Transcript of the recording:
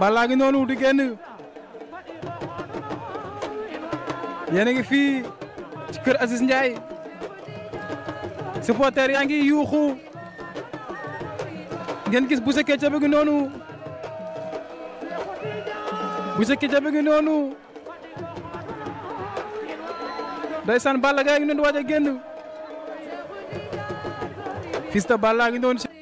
balagi ngi noonu di génn yéen ngi fi ci keur Aziz ndjay supporter yaa ngi yuxu ngeen gis Boucher Ketchup ngi noonu Boucher Ketchup ngi noonu ndeysaan Balla Gaye ngi noonu waaj a génn Fils de Balla ngi